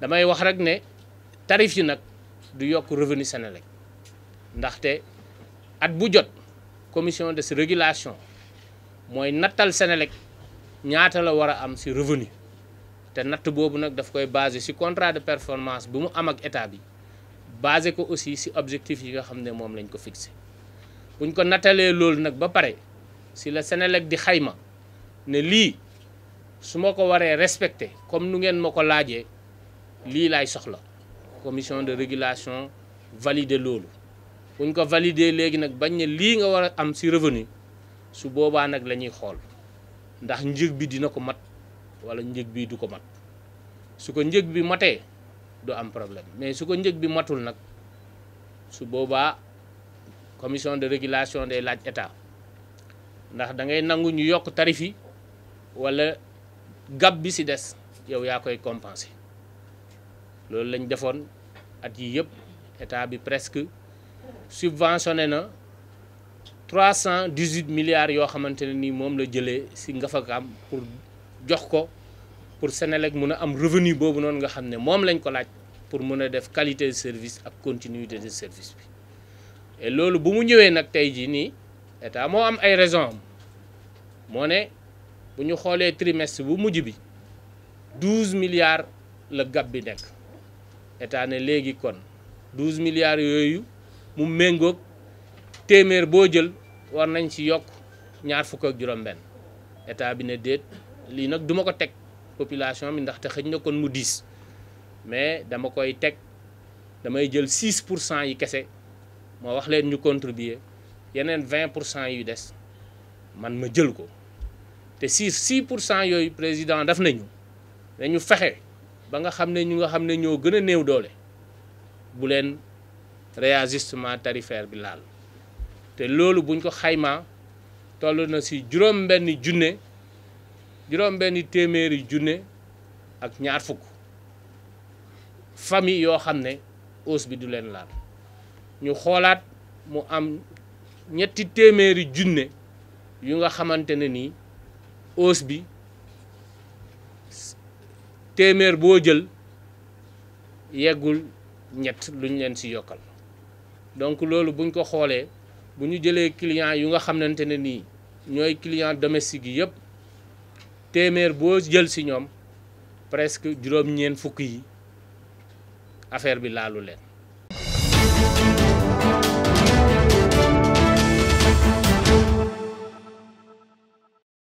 damay wax rek ne tarif yi nag du yokk revenu Sénélec ndaxte at bu jot commission de régulation mooy nattal Sénélec ñaata la war a am si revenu te natt boobu nag daf koy basé si contrat de performance bu mu am ak état bi basé ko aussi si objectif yi nga xam ne moom lañ ko fixé buñ ko nattalee loolu nag ba pare si la Sénélec di xayma ne lii su ma ko waree respecté comme nu ngeen ma ko laajee lii laay soxla commission de régulation valider loolu buñ ko valider légui nak bañ ne lii nga wara am ci revenu su boba nak lañuy xol ndax njëg bi dina ko mat wala njëg bi du ko mat su ko njëg bi maté do am problème mais su ko njëg bi matul nak su boba commission de régulation des laaj état ndax da ngay nangu ñu yok tarifi wala gab bi ci dess yow ya koy compenser loolu lañ defoon at yi yëpp état bi presque subventionné na 318 milliards yoo xamante ne ni moom la jëlee si nga pour jox ko pour Senelec mun a am revenu boobu noonu nga xam ne moom lañ ko laaj pour mun a def qualité de service ak continuité de service bi et loolu bu mu ñëwee nag tey jii nii état moo am ay raison am moo ne bu ñu xoolee trimestre bu mujj bi 12 milliards la gab bi nekk état ne léegi kon douze milliards yooyu mu méngoog téeméer boo jël war nañ ci yokk ñaar fukk ak juróom-benn état bi ne déet lii nag duma ko teg population bi ndaxte xëj na kon mu diis mais dama koy teg damay jël 6 pour cent yi kese moo wax leen ñu contribuer yeneen vingt pour cent yu des man ma jël ko te 6 6 pour cent yooyu président daf nañu dañu fexe. ba nga xam ne ñu nga xam ne ñoo gën a néew doole bu leen réajustement tarifaire bi laal te loolu buñ ko xaymaa toll na si juróom-benni junne juróom-benni téeméeri junné ak ñaar fukk famille yoo xam ne hausse bi du leen laal ñu xoolaat mu am ñetti téeméeri junné yu nga xamante ne nii hausse bi Temer bo jël yegul ñett luñ leen si yokal donc loolu buñ ko xoolee bu ñu jëlee client yu nga xamante ne nii ñooy client domestique yëpp téeméer jël si ñoom presque juróom-ñeen fukk yi affaire bi laalu leen